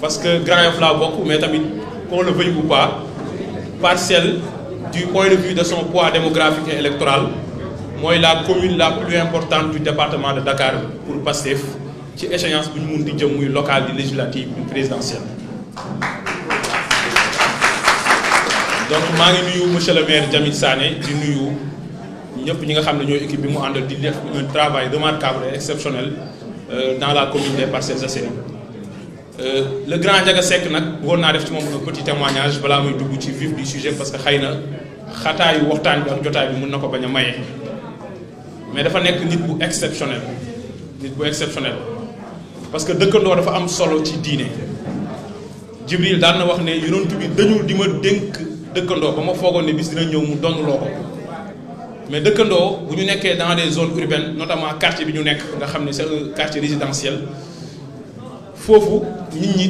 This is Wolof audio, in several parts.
parce que Grand Yoff là beaucoup, mais tamit qu'on le veuille ou pas partielle du point de vue de son poids démographique et électoral moi, la commune la plus importante du département de Dakar pour Pastef ci échéance bu ñu mun di jëm muy locale législatif législative et présidentielle. donc je ngi nuyu monsieur le maire Jamil Sané di nuyu ñëpp ñi nga xam équipe bi mu un travail remarquable et exceptionnel euh, dans la commune des Parcelles Assainies. Euh, le grand Diaga Sek nak bon naa def ci mom un petit témoignage bala muy dugg ci vif du sujet parce que xëy xata yu waxtaan bi ak jotaay bi mën nako baña maye mais dafa nek nit bu exceptionnel nit bu exceptionnel parce que ndo dafa am solo ci diine Jibril daan na wax ne yonent bi dañul dima denk dénk ndo bama ma bis dina ñëw mu donnuloo ko mais ndo bu ñu nekké dans des zones urbaines notamment quartier bi ñu nekk nga xam c'est un quartier résidentiel fofu nit ñi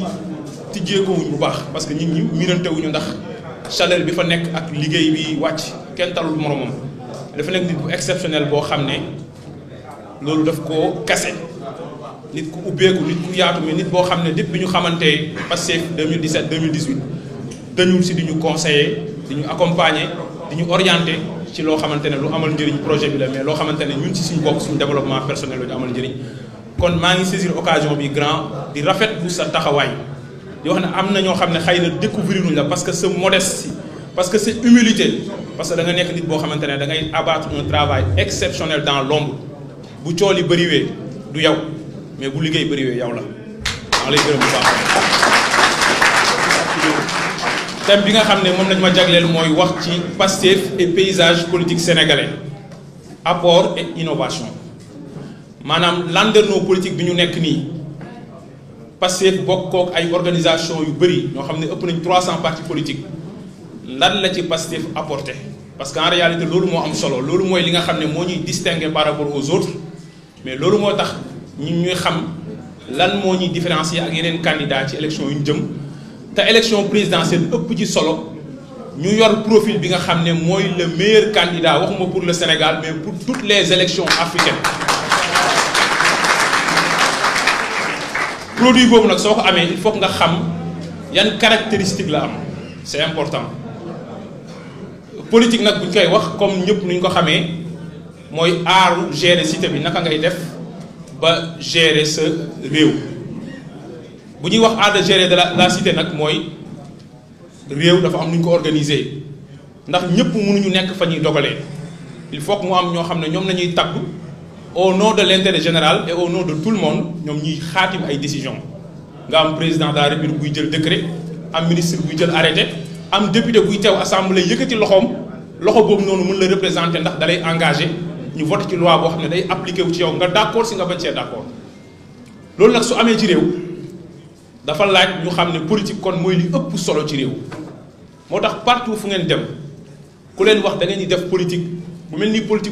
tijjeeku wuñ bu baax parce que nit ñi miinante wuñu ndax chaleur bi fa nek ak liggéey bi wacc kenn talul moromam dafa nek nit bu exceptionnel bo xamné ne daf ko kase nit ku ubbeeku nit ku yaatu mais nit boo xam ne depuis bi ñu xamante passé 2017 2018 dañu si di ñu conseiller di ñu accompagner di ñu orienter ci loo xamante ne lu amal njëriñ projet bi la mais loo xamante ne ñun ci suñ bopp suñ développement personnel lu amal njëriñ kon maa ngi saisir occasion bi grand di sa taxawaay di wax na ñoo découvrir parce que c'est modestie parce que c'est humilité parce que da nga nekk nit boo xamante abattre un travail exceptionnel dans l'ombre bu cool yi mais bu liggéey bëriwee yow la maa bi nga xam ne moom ma et paysage politique sénégalais apport et innovation manam landerneau politique bi ñu nekk a Pastef ak ay organisation yu de ñoo xamné ëpp 300 partis politiques lan la ci Pastef apporté parce qu'en réalité nous sommes am solo lolu moy li nga xamné mo ñuy distinguer par rapport aux autres mais nous sommes tax ñun ñuy xam lan mo ñuy différencier ak yeneen candidats ci élection yu ñu jëm élection présidentielle ëpp ci solo ñu yor profil bi nga xamné moy le meilleur candidat waxuma pour le Sénégal mais pour toutes les élections africaines produit bobu nak soko amé il faut nga xam yan caractéristique la am c'est important politique nak buñ koy wax comme ñëpp nuñ ko xamé moy aaru gérer cité bi naka ngay def ba gérer ce réew bu ñuy wax art de gérer de la cité nak moy réew dafa am nuñ ko organiser ndax ñëpp mënuñu nekk fa ñuy dogalé il faut que mu am ño xamné ñom lañuy la au nom de l'intérêt général et au nom de tout le monde nous avons fait une décision nga am président de la république décret un ministre a arrêté un député a été assemblée loxo mën la ndax dalay engagé avons voté ci loi appliqué ci yow si nga bañ nous avons loolu politique kon partout fu ngeen dem ku leen wax da politique politique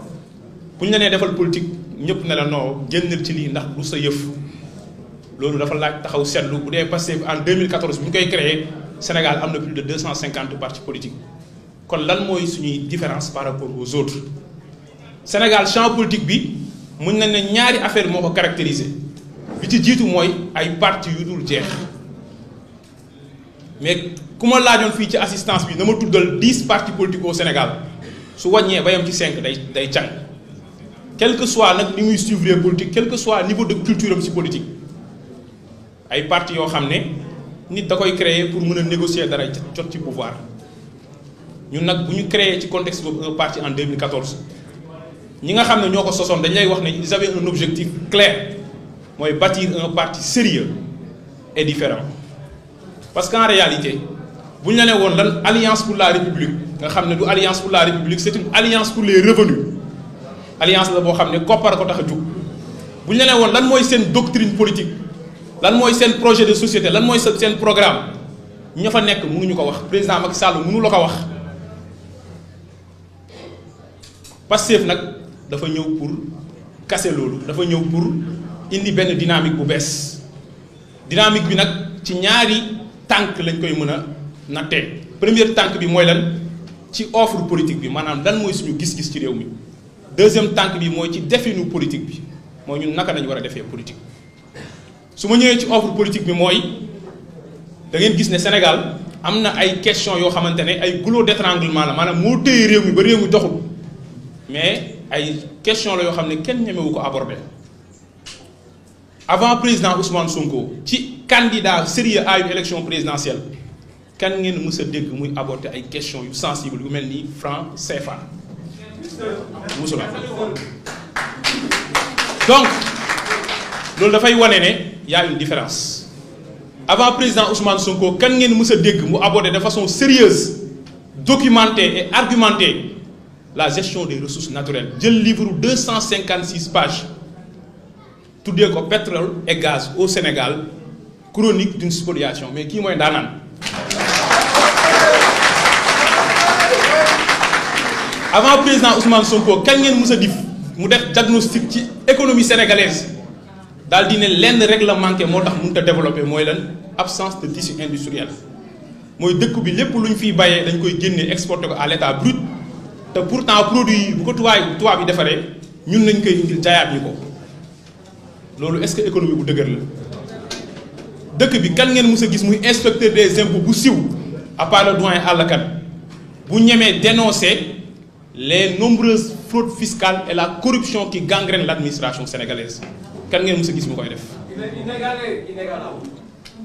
bu nous la nee defal politique ñëpp ne la non génnal ci lii ndax du sa yëf loolu dafa laaj taxaw seetlu bu dee passé en 2014 nous ñu koy créé Sénégal am plus de 250 partis politiques kon lan mooy suñuy différence par rapport aux autres Sénégal champ politique bi mun nañ ne ñaari affaire moo ko caractérisé bi ci jiitu mooy ay partis yu dul jeex mais ku ma laajoon fii ci assistance bi na ma tuddal 10 partis politiques au Sénégal su wàññee bayam ci 5 day day càng quel que soit notre politique quel que soit niveau de culture politique ay parti yo xamné nit da créer pour négocier dara jot ci pouvoir Nous avons créé le créer contexte de parti en 2014 ñi nga ils avaient un objectif clair moy bâtir un parti sérieux et différent parce qu'en réalité buñ la une pour la république nga alliance pour la république c'est une alliance pour les revenus alliance la bo xamné ne koppar ko tax a jug bu la nee woon lan moy sen doctrine politique lan moy sen projet de société lan moy sen programme ña fa nekk mënuñu ko wax président Macky Sall mënu la ko wax Pastef nak dafa ñew pour casser lolu dafa ñew pour indi ben dynamique bu bess dynamique bi nak ci ñaari tank lañ koy mëna naté Premier tank, bi moy lan ci offre politique bi manam lan moy suñu gis-gis ci réew mi deuxième tank bi moy ci definu politique bi moy ñun naka nañu wara a politique suma ma ci offre politique bi moy da ngeen gis né Sénégal amna ay question yo xamantene ay goulot d'étranglement la maanaam moo téye réew mi ba réew mi doxul mais ay question la yo xamné kenn ñemewu wuko aborder avant président Ousmane Sonko ci candidat sérieux à une élection présidentielle kan ngeen mësa dégg muy aborder ay questions yu sensible yu mel ni franc CFA donc il y a une différence avant président Ousmane Sonko quand il a aborder de façon sérieuse documentée et argumentée la gestion des ressources naturelles jël livre 256 pages tuddee ko pétrole et gaz au Sénégal chronique d'une spoliation mais qui mooy daanaan avant président Ousmane Sonko kañ ngeen mës a dif mu def diagnostic ci économie sénégalaise daal di ne lenn rek la manqué moo tax mënut développer, développé mooy absence de tissu industriel mooy dëkk bi lépp lu ñu fiy bàyyee dañ koy génne exporté ko à l'état brut te pourtant produit yi bu ko tubaab tubaab yi defaree ñun lañ koy indil jaayaat ñu ko loolu est-ce que économie bu dëgër la dëkk bi kan ngeen mës a gis muy inspecteur des impôts bu siw à part le à doyen àllkat bu ñemee dénoncé les nombreuses fraudes fiscales et la corruption qui gangrènent l'administration sénégalaise vous avez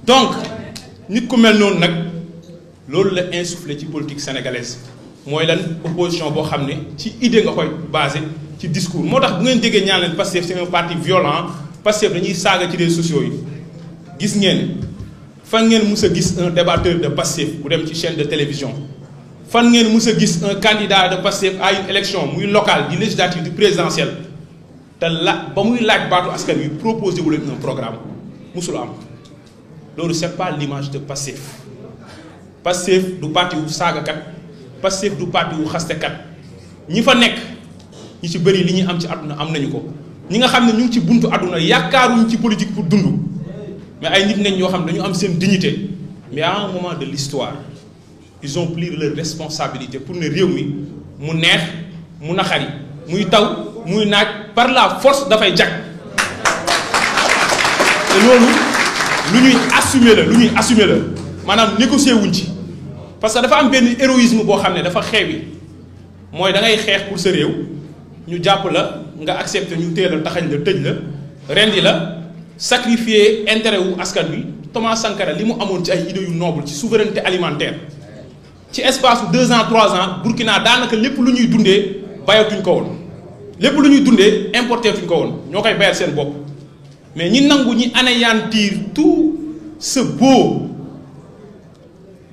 donc nous sommes mel les nag nous la insufflé la politique sénégalaise mooy lan opposition qui est basée ci idée nga koy basé discours Nous avons bu ngeen déggee ñaan c'est un parti violent Pastef dañuy une ci des sociaux yi gis ngeen vous ngeen un débatteur de passé pour une chaîne de télévision fan ngeen mus gis un candidat de Pastef à une élection muy locale di législative di présidentielle té la ba muy laaj batu askan wi proposé wu un programme musul am loolu c'est pas l'image de Pastef Pastef du parti wu kat Pastef du parti wu kat ñi fa nek ñi ci bari li ñi am ci aduna am nañu ko ñi nga xamné ñu ngi ci buntu yakaru yaakaaruñ ci politique pour dund mais ay nit nañ ñoo xam dañu am seen dignité mais à un moment de l'histoire ils ont pris leurs responsabilités pour ne réunir mi mu neex mu par la force de la et nous nous assumer la nous assumer négocier parce que nous am héroïsme pour nous nous, nous, Nous da ngay pour nous accepter ñu sacrifier intérêt ou nous. Thomas Sankara noble souveraineté alimentaire ci espace bu deux ans trois ans Burkina danaka lepp lu ñuy dundee bayatuñ ko won lepp lu ñuy importer importé tuñ ko won ñokay koy bayal seen bopp mais ñi nangu ñi anéantir tout ce beau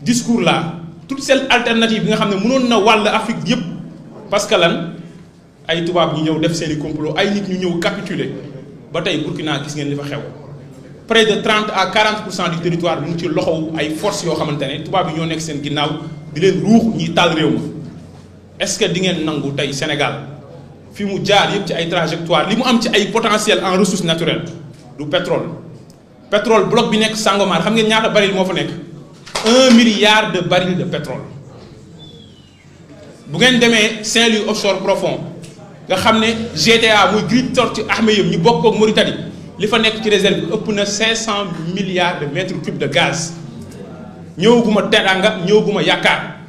discours là toute cette alternative bi nga xamné mënon na wal Afrique yépp parce que lan ay tubaab ñu ñëw def seen complot ay nit ñu ñëw capituler ba tey Burkina gis ngeen li fa xew près de 30 à 40 du territoire mu ci loxow ay forces yo xamante ne tubaab yi ñoo nekk seen ginnaw di ruux ñi tal réew est-ce que di ngeen nangu tay Sénégal fi mu jaar yépp ci ay trajectoire li mu am ci ay potentiel en ressources naturelles du pétrole pétrole bloc bi nekk Sangomar xam ngeen ñaata baril moo fa nekk un milliard de barils de pétrole bu ngeen demee Saint-Louis offshore profond nga xam ne GTA muy Great Tortue Ahmeyim ñu bokk ak Mauritanie li fa nekk ci réserve ëpp na 500 milliards de mètres cubes de gaz ñëwaguma teraanga ñëwaguma yaakaar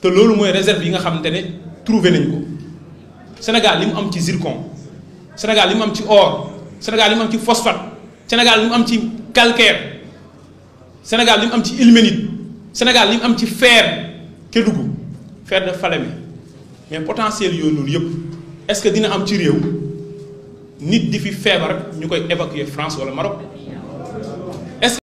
te loolu mooy réserve yi nga xamante ne trouver nañ ko Sénégal li mu am ci zircon Sénégal li mu am ci or Sénégal li mu am ci phosphate Sénégal li mu am ci calcaire Sénégal li mu am ci ilménite Sénégal li mu am ci fer Kédougou fer de Falémé mais potentiel yooyu loolu yëpp est-ce que dina am ci réew nit di fi feebar ñu koy évacuer France wala Maroc